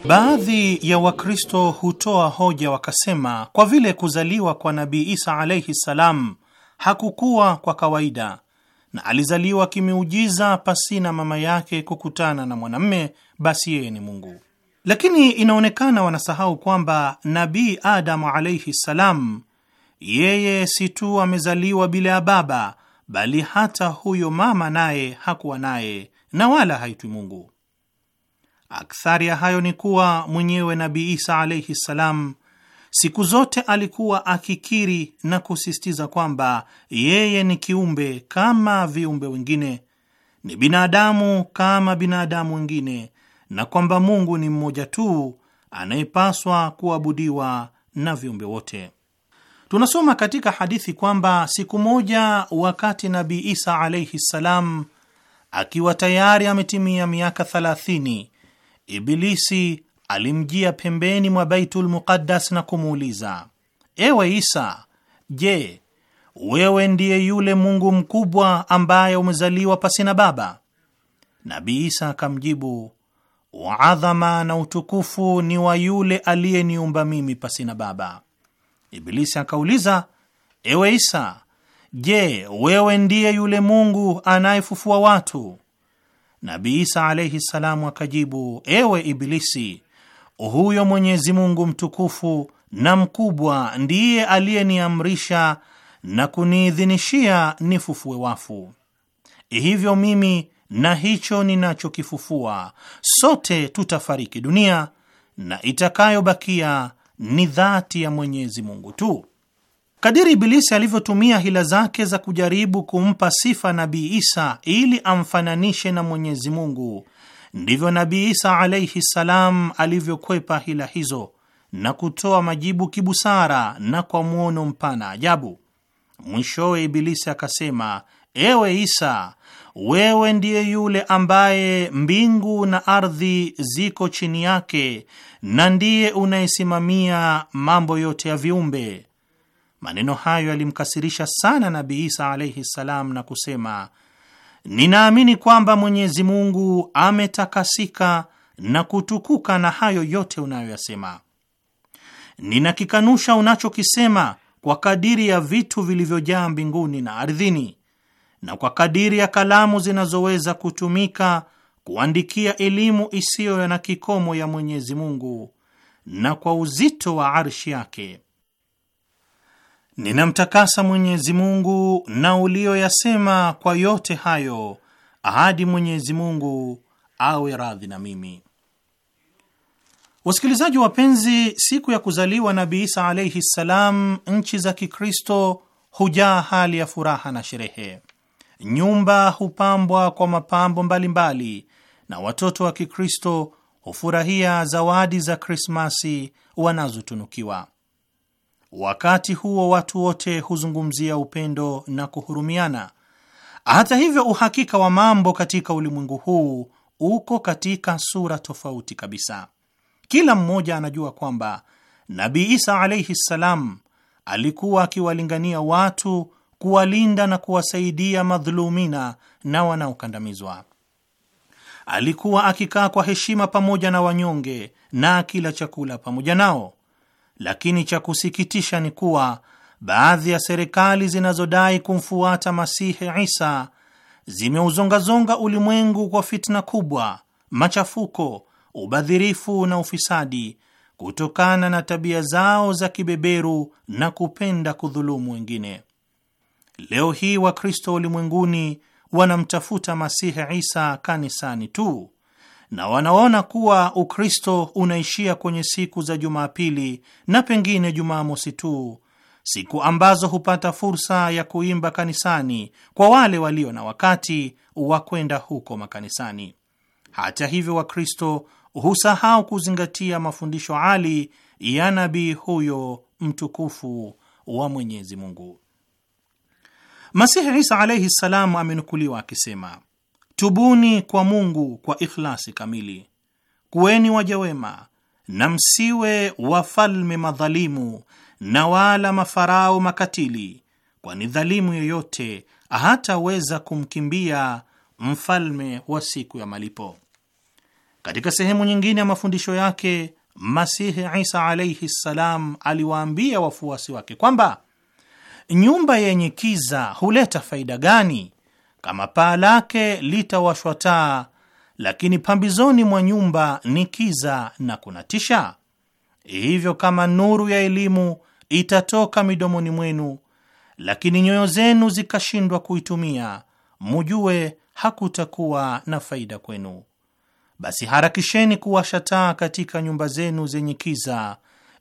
Baadhi ya Wakristo hutoa hoja wakasema, kwa vile kuzaliwa kwa Nabii Isa alaihi ssalam hakukuwa kwa kawaida na alizaliwa kimeujiza pasina mama yake kukutana na mwanamme, basi yeye ni Mungu. Lakini inaonekana wanasahau kwamba Nabii Adamu alaihi ssalam, yeye si tu amezaliwa bila ya baba, bali hata huyo mama naye hakuwa naye na wala haitwi Mungu. Akthari ya hayo ni kuwa mwenyewe Nabii Isa alaihi ssalam siku zote alikuwa akikiri na kusisitiza kwamba yeye ni kiumbe kama viumbe wengine, ni binadamu kama binadamu wengine, na kwamba Mungu ni mmoja tu anayepaswa kuabudiwa na viumbe wote. Tunasoma katika hadithi kwamba siku moja, wakati Nabii Isa alaihi ssalam akiwa tayari ametimia miaka 30, Ibilisi alimjia pembeni mwa Baitul Muqaddas na kumuuliza, ewe Isa, je, wewe ndiye yule Mungu mkubwa ambaye umezaliwa pasina baba? Nabii Isa akamjibu, uadhama na utukufu ni wa yule aliyeniumba mimi pasina baba Ibilisi akauliza, ewe Isa, je, wewe ndiye yule Mungu anayefufua watu? Nabii Isa alaihi salamu akajibu, ewe Ibilisi, huyo Mwenyezi Mungu mtukufu na mkubwa ndiye aliyeniamrisha na kuniidhinishia nifufue wafu. Hivyo mimi na hicho ninachokifufua, sote tutafariki dunia na itakayobakia ni dhati ya Mwenyezi Mungu tu. Kadiri Ibilisi alivyotumia hila zake za kujaribu kumpa sifa Nabii Isa ili amfananishe na Mwenyezi Mungu, ndivyo Nabii Isa alaihi ssalam alivyokwepa hila hizo na kutoa majibu kibusara na kwa mwono mpana ajabu. Mwishowe Ibilisi akasema, ewe Isa, wewe ndiye yule ambaye mbingu na ardhi ziko chini yake na ndiye unayesimamia mambo yote ya viumbe. Maneno hayo yalimkasirisha sana Nabii Isa alaihi ssalam, na kusema, ninaamini kwamba Mwenyezi Mungu ametakasika na kutukuka na hayo yote unayoyasema. Ninakikanusha unachokisema kwa kadiri ya vitu vilivyojaa mbinguni na ardhini na kwa kadiri ya kalamu zinazoweza kutumika kuandikia elimu isiyo na kikomo ya Mwenyezi Mungu na kwa uzito wa arshi yake. Ninamtakasa Mwenyezi Mungu na uliyoyasema kwa yote hayo, ahadi Mwenyezi Mungu awe radhi na mimi. Wasikilizaji wapenzi, siku ya kuzaliwa Nabii Isa alaihi ssalam, nchi za Kikristo hujaa hali ya furaha na sherehe nyumba hupambwa kwa mapambo mbalimbali mbali, na watoto wa Kikristo hufurahia zawadi za Krismasi wanazotunukiwa. Wakati huo watu wote huzungumzia upendo na kuhurumiana. Hata hivyo, uhakika wa mambo katika ulimwengu huu uko katika sura tofauti kabisa. Kila mmoja anajua kwamba Nabii Isa alaihi ssalam alikuwa akiwalingania watu kuwalinda na kuwasaidia madhulumina na wanaokandamizwa. Alikuwa akikaa kwa heshima pamoja na wanyonge na akila chakula pamoja nao, lakini cha kusikitisha ni kuwa baadhi ya serikali zinazodai kumfuata Masihi Isa zimeuzongazonga ulimwengu kwa fitna kubwa, machafuko, ubadhirifu na ufisadi kutokana na tabia zao za kibeberu na kupenda kudhulumu wengine. Leo hii Wakristo ulimwenguni wanamtafuta Masihi Isa kanisani tu na wanaona kuwa Ukristo unaishia kwenye siku za Jumapili na pengine Jumamosi tu, siku ambazo hupata fursa ya kuimba kanisani kwa wale walio na wakati wa kwenda huko makanisani. Hata hivyo, Wakristo husahau kuzingatia mafundisho ali ya nabii huyo mtukufu wa Mwenyezi Mungu. Masihi Isa alaihi ssalam amenukuliwa akisema, tubuni kwa Mungu kwa ikhlasi kamili, kuweni wajawema na msiwe wafalme madhalimu na wala mafarao makatili, kwani dhalimu yoyote hataweza kumkimbia mfalme wa siku ya malipo. Katika sehemu nyingine ya mafundisho yake Masihi Isa alaihi ssalam aliwaambia wafuasi wake kwamba nyumba yenye kiza huleta faida gani kama paa lake litawashwa taa, lakini pambizoni mwa nyumba ni kiza na kunatisha? Hivyo kama nuru ya elimu itatoka midomoni mwenu, lakini nyoyo zenu zikashindwa kuitumia, mujue hakutakuwa na faida kwenu. Basi harakisheni kuwasha taa katika nyumba zenu zenye kiza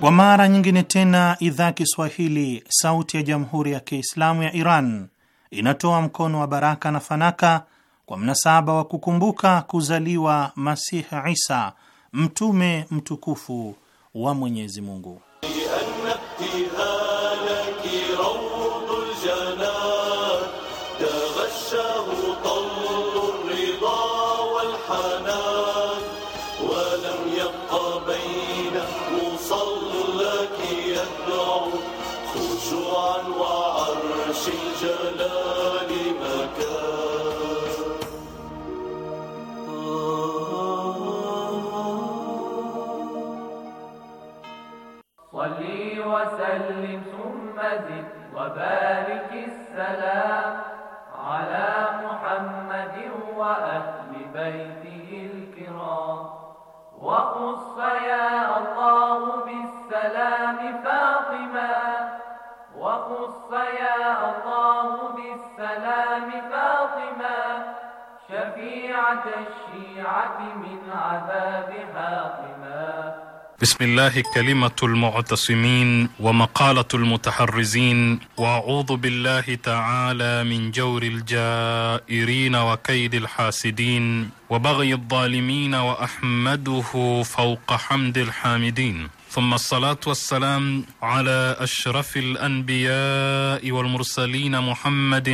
Kwa mara nyingine tena, idhaa Kiswahili sauti ya jamhuri ya Kiislamu ya Iran inatoa mkono wa baraka na fanaka kwa mnasaba wa kukumbuka kuzaliwa Masihi Isa, mtume mtukufu wa Mwenyezi Mungu. السلام فاطمة شفيعة الشيعة من عذاب هاطمة بسم الله كلمة المعتصمين ومقالة المتحرزين وأعوذ بالله تعالى من جور الجائرين وكيد الحاسدين وبغي الظالمين وأحمده فوق حمد الحامدين ثم الصلاة والسلام على أشرف الأنبياء والمرسلين محمد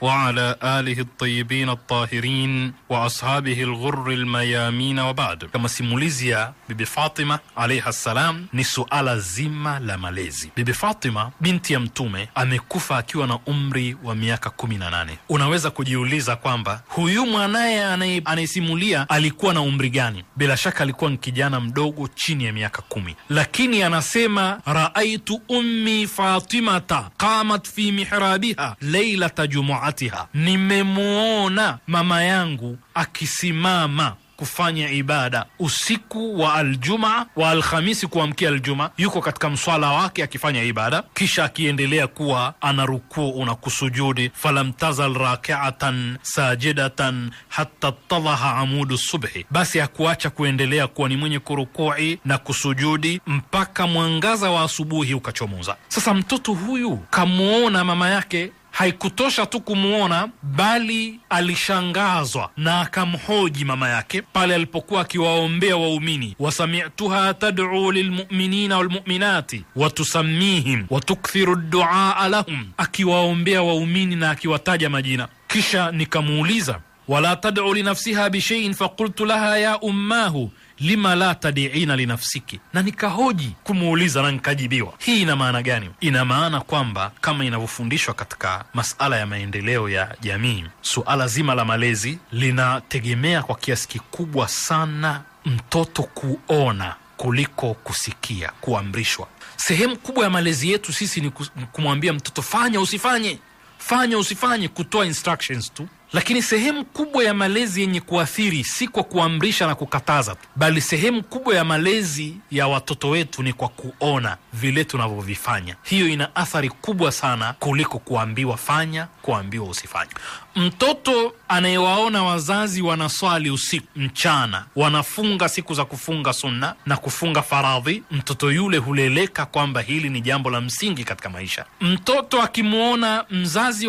وعلى alihi الطيبين الطاهرين وأصحابه الغر الميامين وبعد كما سيموليزيا al فاطمة عليها السلام نسو على ya Bibi Fatima فاطمة salam ni suala zima la malezi. Bibi Fatima binti ya Mtume amekufa akiwa na umri wa miaka 18. Unaweza kujiuliza kwamba huyu mwanaye anayesimulia alikuwa na umri gani? Bila shaka alikuwa ni kijana mdogo chini ya miaka kumi, lakini anasema raaitu ummi Fatimata qamat fi mihrabiha lailata saatiha, nimemuona mama yangu akisimama kufanya ibada usiku wa aljumaa wa Alhamisi kuamkia aljumaa, yuko katika mswala wake akifanya ibada, kisha akiendelea kuwa ana rukuu na kusujudi. falamtazal rakiatan sajidatan hatta tadaha amudu subhi, basi hakuacha kuendelea kuwa ni mwenye kurukui na kusujudi mpaka mwangaza wa asubuhi ukachomoza. Sasa mtoto huyu kamwona mama yake haikutosha tu kumwona, bali alishangazwa na akamhoji mama yake pale alipokuwa akiwaombea waumini, wasamituha tad'u lilmuminina walmuminati watusammihim watukthiru duaa lahum, akiwaombea waumini na akiwataja majina. Kisha nikamuuliza wala tad'u linafsiha bishaiin faqultu laha ya ummahu lima la tadiina linafsiki, na nikahoji kumuuliza na nikajibiwa. Hii ina maana gani? Ina maana kwamba kama inavyofundishwa katika masala ya maendeleo ya jamii, suala zima la malezi linategemea kwa kiasi kikubwa sana mtoto kuona kuliko kusikia, kuamrishwa. Sehemu kubwa ya malezi yetu sisi ni kumwambia mtoto fanya, usifanye, fanya, usifanye, kutoa instructions tu lakini sehemu kubwa ya malezi yenye kuathiri si kwa kuamrisha na kukataza tu, bali sehemu kubwa ya malezi ya watoto wetu ni kwa kuona vile tunavyovifanya. Hiyo ina athari kubwa sana kuliko kuambiwa fanya, kuambiwa usifanye mtoto anayewaona wazazi wanaswali usiku mchana, wanafunga siku za kufunga sunna na kufunga faradhi, mtoto yule huleleka kwamba hili ni jambo la msingi katika maisha. Mtoto akimwona mzazi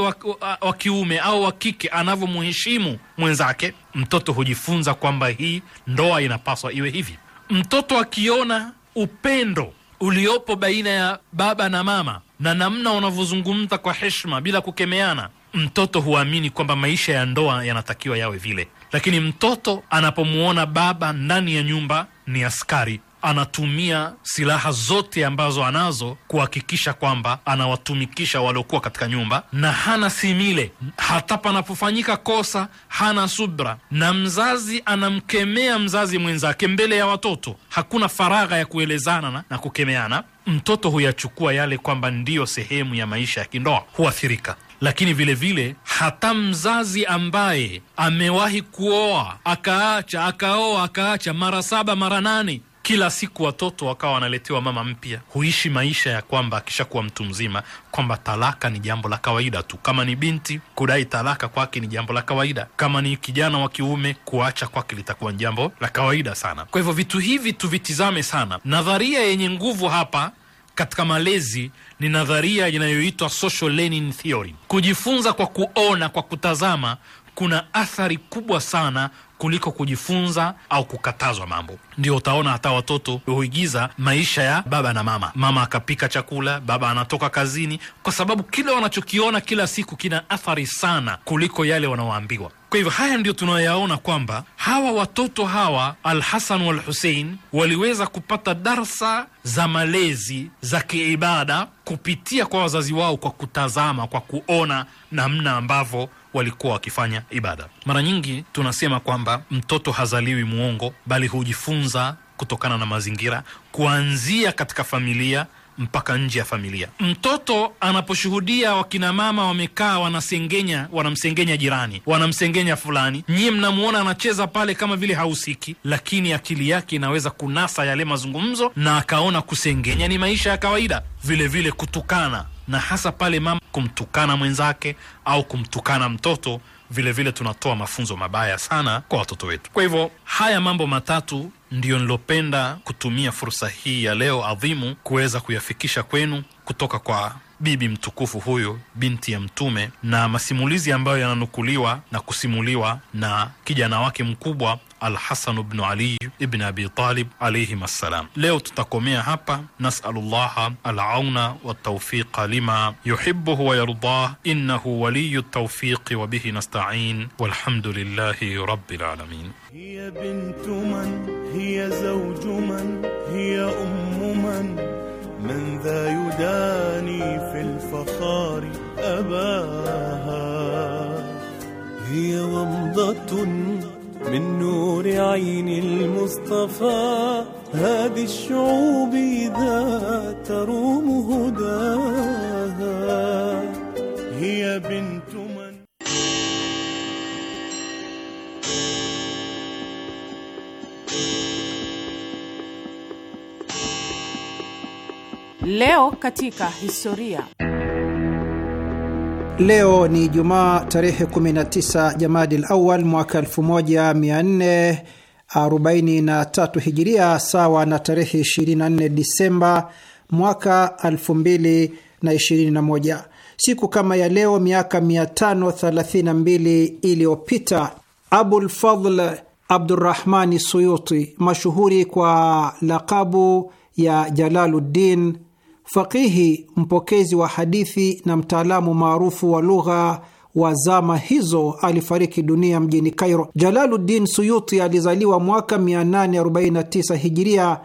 wa kiume au wa kike anavyomheshimu mwenzake, mtoto hujifunza kwamba hii ndoa inapaswa iwe hivi. Mtoto akiona upendo uliopo baina ya baba na mama na namna wanavyozungumza kwa heshima bila kukemeana mtoto huamini kwamba maisha ya ndoa yanatakiwa yawe vile, lakini mtoto anapomwona baba ndani ya nyumba ni askari anatumia silaha zote ambazo anazo kuhakikisha kwamba anawatumikisha waliokuwa katika nyumba, na hana simile. Hata panapofanyika kosa hana subra, na mzazi anamkemea mzazi mwenzake mbele ya watoto. Hakuna faragha ya kuelezana na, na kukemeana. Mtoto huyachukua yale kwamba ndiyo sehemu ya maisha ya kindoa, huathirika lakini vilevile vile, hata mzazi ambaye amewahi kuoa akaacha, akaoa akaacha, mara saba mara nane kila siku watoto wakawa wanaletewa mama mpya, huishi maisha ya kwamba akishakuwa mtu mzima kwamba talaka ni jambo la kawaida tu. Kama ni binti, kudai talaka kwake ni jambo la kawaida. Kama ni kijana wa kiume, kuacha kwake litakuwa ni jambo la kawaida sana. Kwa hivyo vitu hivi tuvitizame sana. Nadharia yenye nguvu hapa katika malezi ni nadharia inayoitwa social learning theory. Kujifunza kwa kuona, kwa kutazama, kuna athari kubwa sana kuliko kujifunza au kukatazwa mambo. Ndio utaona hata watoto huigiza maisha ya baba na mama, mama akapika chakula, baba anatoka kazini, kwa sababu kile wanachokiona kila siku kina athari sana kuliko yale wanaoambiwa. Kwa hivyo haya ndiyo tunayaona kwamba hawa watoto hawa Alhasan Walhusein Husein waliweza kupata darsa za malezi za kiibada kupitia kwa wazazi wao, kwa kutazama, kwa kuona namna ambavyo walikuwa wakifanya ibada. Mara nyingi tunasema kwamba mtoto hazaliwi mwongo, bali hujifunza kutokana na mazingira, kuanzia katika familia mpaka nje ya familia. Mtoto anaposhuhudia wakina mama wamekaa wanasengenya, wanamsengenya jirani, wanamsengenya fulani, nyie mnamwona anacheza pale kama vile hahusiki, lakini akili yake inaweza kunasa yale mazungumzo na akaona kusengenya ni maisha ya kawaida, vilevile vile kutukana na hasa pale mama kumtukana mwenzake au kumtukana mtoto vilevile vile tunatoa mafunzo mabaya sana kwa watoto wetu. Kwa hivyo haya mambo matatu ndiyo nilopenda kutumia fursa hii ya leo adhimu kuweza kuyafikisha kwenu kutoka kwa bibi mtukufu huyu binti ya Mtume na masimulizi ambayo yananukuliwa na kusimuliwa na kijana wake mkubwa الحسن بن علي بن أبي طالب عليهما السلام ليو تتكومي هابا نسأل الله العون والتوفيق لما يحبه ويرضاه إنه ولي التوفيق وبه نستعين والحمد لله رب العالمين هي بنت من هي زوج من هي أم من من ذا يداني في الفخار أباها هي ومضة من نور عين المصطفى هذه الشعوب إذا تروم هداها هي بنت من Leo katika historia. Leo ni Jumaa tarehe 19 Jamadil Awal mwaka 1443 Hijiria, sawa na tarehe 24 Disemba mwaka 2021. Siku kama ya leo miaka 532 iliyopita Abulfadl Abdurrahmani Suyuti, mashuhuri kwa lakabu ya Jalaluddin Fakihi mpokezi wa hadithi na mtaalamu maarufu wa lugha wa zama hizo alifariki dunia mjini cairo Jalaluddin Suyuti alizaliwa mwaka 849 hijiria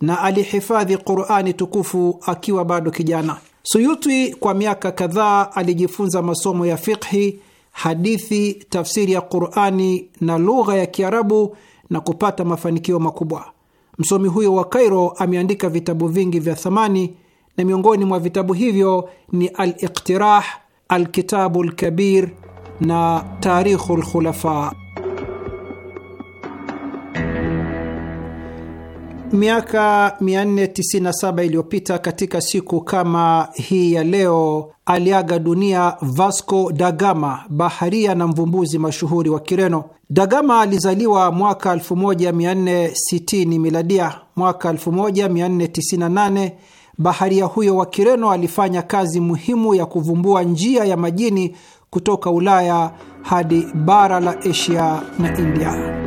na alihifadhi Qurani tukufu akiwa bado kijana. Suyuti kwa miaka kadhaa alijifunza masomo ya fiqhi, hadithi, tafsiri ya Qurani na lugha ya Kiarabu na kupata mafanikio makubwa. Msomi huyo wa Kairo ameandika vitabu vingi vya thamani na miongoni mwa vitabu hivyo ni Al-Iqtirah, Alkitabu Lkabir na Tarikhu Lkhulafa. Miaka 497 iliyopita katika siku kama hii ya leo aliaga dunia Vasco da Gama, baharia na mvumbuzi mashuhuri wa Kireno. Da Gama alizaliwa mwaka 1460 miladia. Mwaka 1498 baharia huyo wa Kireno alifanya kazi muhimu ya kuvumbua njia ya majini kutoka Ulaya hadi bara la Asia na India.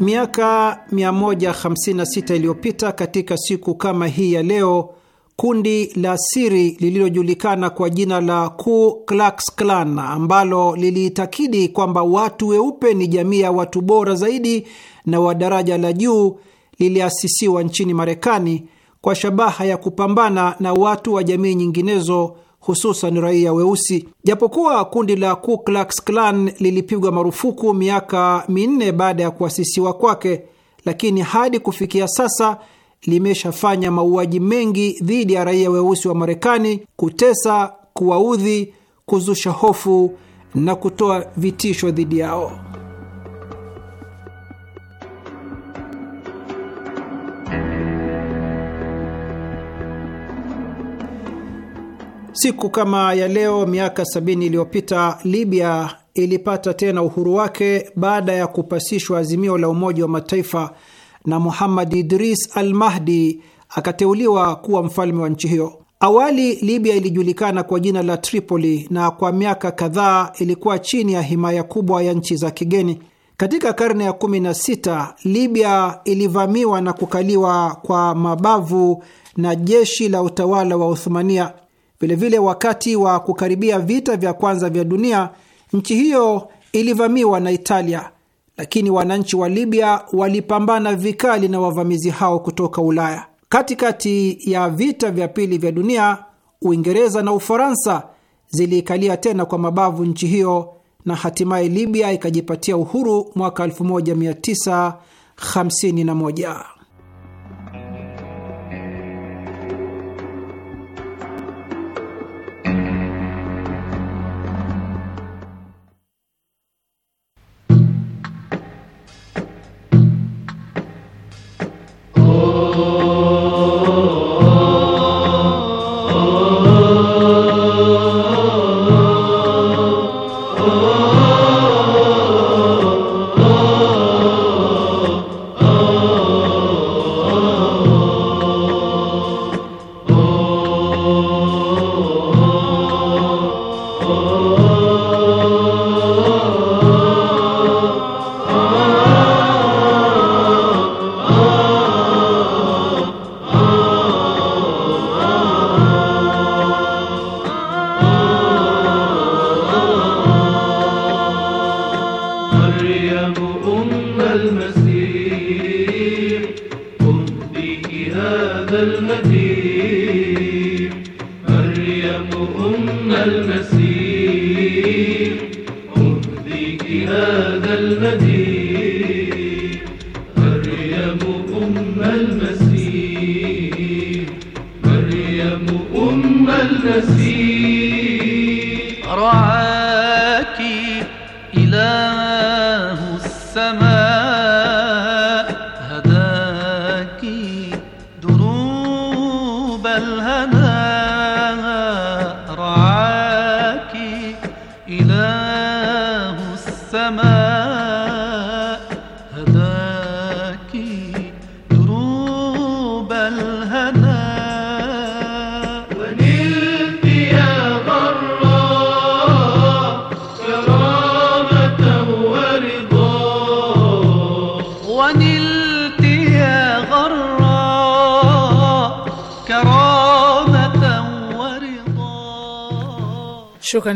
Miaka 156 iliyopita katika siku kama hii ya leo, kundi la siri lililojulikana kwa jina la Ku Klux Klan ambalo liliitakidi kwamba watu weupe ni jamii ya watu bora zaidi na wa daraja la juu liliasisiwa nchini Marekani kwa shabaha ya kupambana na watu wa jamii nyinginezo hususan raia weusi. Japokuwa kundi la Ku Klux Klan lilipigwa marufuku miaka minne baada ya kuasisiwa kwake, lakini hadi kufikia sasa limeshafanya mauaji mengi dhidi ya raia weusi wa Marekani, kutesa, kuwaudhi, kuzusha hofu na kutoa vitisho dhidi yao. Siku kama ya leo miaka sabini iliyopita Libya ilipata tena uhuru wake baada ya kupasishwa azimio la Umoja wa Mataifa na Muhammad Idris Al Mahdi akateuliwa kuwa mfalme wa nchi hiyo. Awali Libya ilijulikana kwa jina la Tripoli na kwa miaka kadhaa ilikuwa chini ya himaya kubwa ya nchi za kigeni. Katika karne ya 16 Libya ilivamiwa na kukaliwa kwa mabavu na jeshi la utawala wa Uthumania. Vilevile vile wakati wa kukaribia vita vya kwanza vya dunia, nchi hiyo ilivamiwa na Italia, lakini wananchi wa Libya walipambana vikali na wavamizi hao kutoka Ulaya. Katikati ya vita vya pili vya dunia, Uingereza na Ufaransa ziliikalia tena kwa mabavu nchi hiyo na hatimaye Libya ikajipatia uhuru mwaka 1951.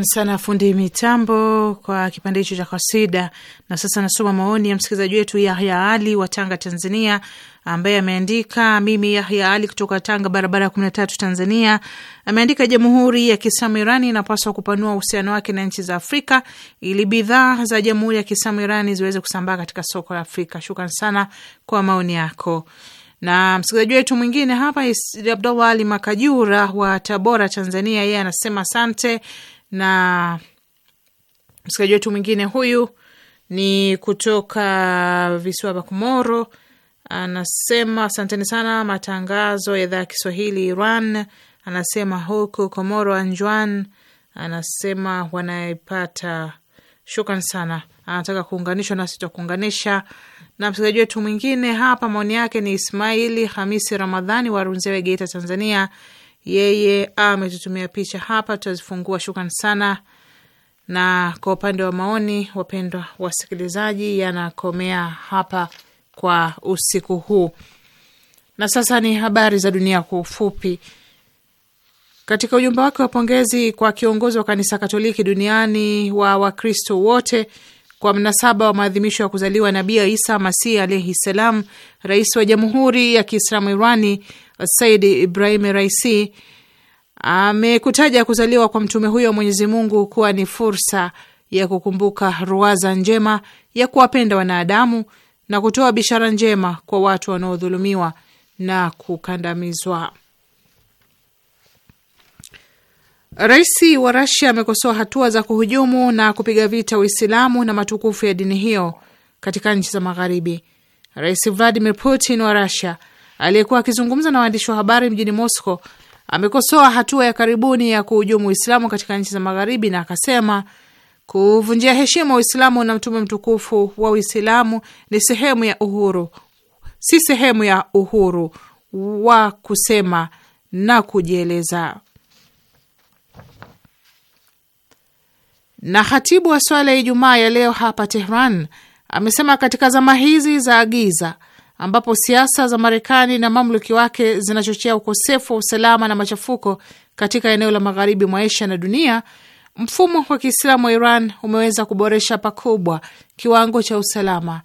Shukran sana fundi mitambo kwa kipande hicho cha kasida. Na sasa nasoma maoni ya msikilizaji wetu Yahya Ali wa Tanga, Tanzania, ambaye ameandika. Mimi Yahya Ali kutoka Tanga, barabara ya kumi na tatu, Tanzania, ameandika, Jamhuri ya Kiislamu Irani inapaswa kupanua uhusiano wake na nchi za Afrika ili bidhaa za Jamhuri ya Kiislamu Irani ziweze kusambaa katika soko la Afrika. Shukran sana kwa maoni yako na msikilizaji wetu mwingine hapa Abdallah Ali Makajura wa Tabora, Tanzania, yeye anasema asante na msikilizaji wetu mwingine huyu ni kutoka visiwa vya Komoro, anasema asanteni sana matangazo ya idhaa ya Kiswahili Iran. Anasema huku Komoro Anjuan, anasema wanaipata shukran sana, anataka kuunganishwa nasi tutakuunganisha. Na msikilizaji wetu mwingine hapa, maoni yake ni Ismaili Hamisi Ramadhani wa Runzewe, Geita, Tanzania. Yeye ametutumia picha hapa, tutazifungua. Shukran sana. Na kwa upande wa maoni, wapendwa wasikilizaji, yanakomea hapa kwa usiku huu. Na sasa ni habari za dunia kwa ufupi. Katika ujumbe wake wa pongezi kwa kiongozi wa kanisa Katoliki duniani wa Wakristo wote kwa mnasaba wa maadhimisho ya kuzaliwa Nabii Isa Masihi alaihi salam, rais wa Jamhuri ya Kiislamu Irani Uh, Saidi Ibrahim Raisi amekutaja kuzaliwa kwa mtume huyo wa Mwenyezi Mungu kuwa ni fursa ya kukumbuka ruwaza njema ya kuwapenda wanadamu na kutoa bishara njema kwa watu wanaodhulumiwa na kukandamizwa. Rais wa Rasia amekosoa hatua za kuhujumu na kupiga vita Uislamu na matukufu ya dini hiyo katika nchi za Magharibi. Rais Vladimir Putin wa Rasia aliyekuwa akizungumza na waandishi wa habari mjini Moscow amekosoa hatua ya karibuni ya kuhujumu Uislamu katika nchi za Magharibi na akasema kuvunjia heshima Uislamu na mtume mtukufu wa Uislamu ni sehemu ya uhuru, si sehemu ya uhuru wa kusema na kujieleza. Na khatibu wa swala ya Ijumaa ya leo hapa Tehran amesema katika zama hizi za giza ambapo siasa za Marekani na mamluki wake zinachochea ukosefu wa usalama na machafuko katika eneo la magharibi mwa Asia na dunia, mfumo wa Kiislamu wa Iran umeweza kuboresha pakubwa kiwango cha usalama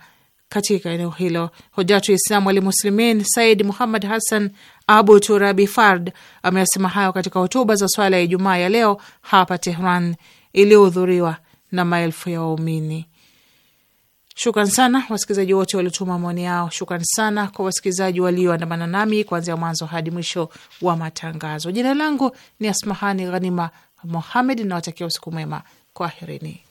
katika eneo hilo. Hojatu Islamu Alimuslimin Said Muhammad Hassan Abu Turabi Fard ameyasema hayo katika hotuba za swala ya Ijumaa ya leo hapa Tehran, iliyohudhuriwa na maelfu ya waumini. Shukran sana wasikilizaji wote waliotuma maoni yao. Shukran sana kwa wasikilizaji walioandamana nami kuanzia mwanzo hadi mwisho wa matangazo. Jina langu ni Asmahani Ghanima Mohamed, nawatakia usiku mwema. Kwaherini.